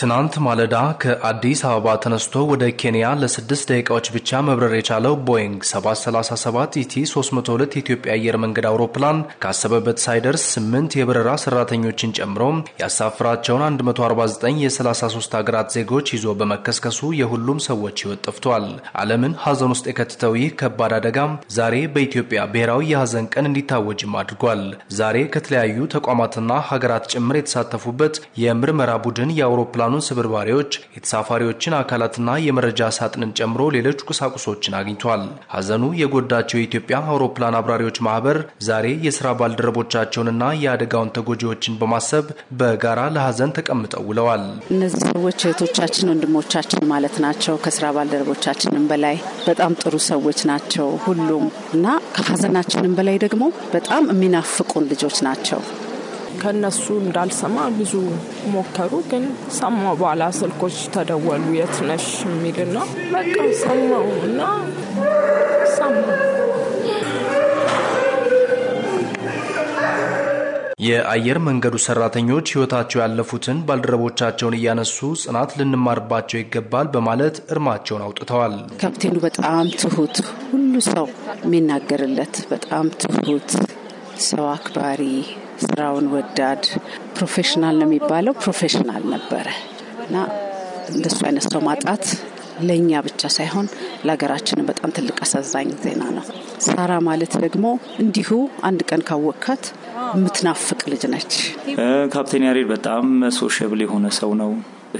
ትናንት ማለዳ ከአዲስ አበባ ተነስቶ ወደ ኬንያ ለስድስት ደቂቃዎች ብቻ መብረር የቻለው ቦይንግ 737 ኢቲ 302 የኢትዮጵያ አየር መንገድ አውሮፕላን ካሰበበት ሳይደርስ ስምንት የበረራ ሰራተኞችን ጨምሮ ያሳፍራቸውን 149 የ33 ሀገራት ዜጎች ይዞ በመከስከሱ የሁሉም ሰዎች ሕይወት ጠፍቷል። ዓለምን ውስጥ የከተተው ይህ ከባድ አደጋ ዛሬ በኢትዮጵያ ብሔራዊ የሀዘን ቀን እንዲታወጅም አድርጓል። ዛሬ ከተለያዩ ተቋማትና ሀገራት ጭምር የተሳተፉበት የምርመራ ቡድን የአውሮፕላን የአውሮፕላኑን ስብርባሪዎች፣ የተሳፋሪዎችን አካላትና የመረጃ ሳጥንን ጨምሮ ሌሎች ቁሳቁሶችን አግኝቷል። ሀዘኑ የጎዳቸው የኢትዮጵያ አውሮፕላን አብራሪዎች ማህበር ዛሬ የስራ ባልደረቦቻቸውንና የአደጋውን ተጎጂዎችን በማሰብ በጋራ ለሀዘን ተቀምጠው ውለዋል። እነዚህ ሰዎች እህቶቻችን፣ ወንድሞቻችን ማለት ናቸው። ከስራ ባልደረቦቻችንም በላይ በጣም ጥሩ ሰዎች ናቸው ሁሉም እና ከሀዘናችንም በላይ ደግሞ በጣም የሚናፍቁን ልጆች ናቸው። ከነሱ እንዳልሰማ ብዙ ሞከሩ፣ ግን ሰማ በኋላ ስልኮች ተደወሉ የት ነሽ የሚልና በቃ ሰማው እና ሰማ የአየር መንገዱ ሰራተኞች ህይወታቸው ያለፉትን ባልደረቦቻቸውን እያነሱ ጽናት ልንማርባቸው ይገባል በማለት እርማቸውን አውጥተዋል። ካፕቴኑ በጣም ትሁት፣ ሁሉ ሰው የሚናገርለት በጣም ትሁት ሰው አክባሪ ስራውን ወዳድ ፕሮፌሽናል ነው የሚባለው ፕሮፌሽናል ነበረ እና እንደሱ አይነት ሰው ማጣት ለእኛ ብቻ ሳይሆን ለሀገራችን በጣም ትልቅ አሳዛኝ ዜና ነው። ሳራ ማለት ደግሞ እንዲሁ አንድ ቀን ካወቅካት የምትናፍቅ ልጅ ነች። ካፕቴን ያሬድ በጣም ሶሽብል የሆነ ሰው ነው።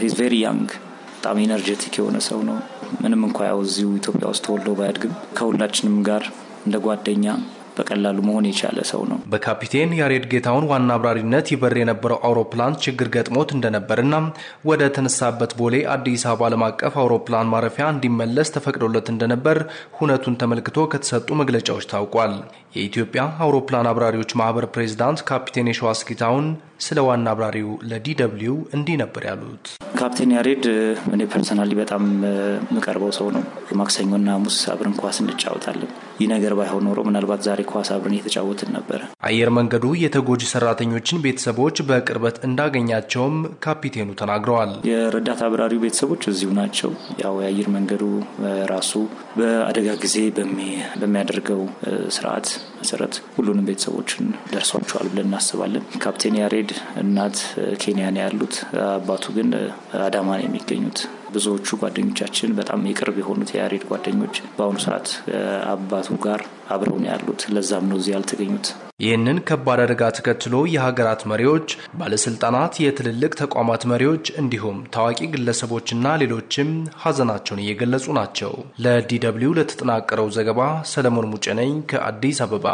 ሂዝ ቬሪ ያንግ በጣም ኢነርጀቲክ የሆነ ሰው ነው። ምንም እንኳ ያው እዚሁ ኢትዮጵያ ውስጥ ተወልዶ ባያድግም ከሁላችንም ጋር እንደ ጓደኛ በቀላሉ መሆን የቻለ ሰው ነው። በካፒቴን ያሬድ ጌታውን ዋና አብራሪነት ይበር የነበረው አውሮፕላን ችግር ገጥሞት እንደነበርና ወደ ተነሳበት ቦሌ አዲስ አበባ ዓለም አቀፍ አውሮፕላን ማረፊያ እንዲመለስ ተፈቅዶለት እንደነበር ሁነቱን ተመልክቶ ከተሰጡ መግለጫዎች ታውቋል። የኢትዮጵያ አውሮፕላን አብራሪዎች ማህበር ፕሬዚዳንት ካፒቴን የሸዋስ ጌታውን ስለ ዋና አብራሪው ለዲደብሊው እንዲህ ነበር ያሉት። ካፕቴን ያሬድ እኔ ፐርሰናሊ በጣም የምቀርበው ሰው ነው። ማክሰኞና ሐሙስ አብረን ኳስ እንጫወታለን። ይህ ነገር ባይሆን ኖሮ ምናልባት ዛሬ ኳስ አብረን እየተጫወትን ነበረ። አየር መንገዱ የተጎጂ ሰራተኞችን ቤተሰቦች በቅርበት እንዳገኛቸውም ካፒቴኑ ተናግረዋል። የረዳት አብራሪው ቤተሰቦች እዚሁ ናቸው። ያው የአየር መንገዱ ራሱ በአደጋ ጊዜ በሚያደርገው ስርዓት መሰረት ሁሉንም ቤተሰቦችን ደርሷቸዋል ብለን እናስባለን። ካፕቴን ያሬድ የመሐመድ እናት ኬንያ ነው ያሉት፣ አባቱ ግን አዳማ ነው የሚገኙት። ብዙዎቹ ጓደኞቻችን በጣም የቅርብ የሆኑት የያሬድ ጓደኞች በአሁኑ ሰዓት አባቱ ጋር አብረው ነው ያሉት። ለዛም ነው እዚህ ያልተገኙት። ይህንን ከባድ አደጋ ተከትሎ የሀገራት መሪዎች፣ ባለስልጣናት፣ የትልልቅ ተቋማት መሪዎች እንዲሁም ታዋቂ ግለሰቦችና ሌሎችም ሀዘናቸውን እየገለጹ ናቸው። ለዲ ደብልዩ ለተጠናቀረው ዘገባ ሰለሞን ሙጨነኝ ነኝ ከአዲስ አበባ።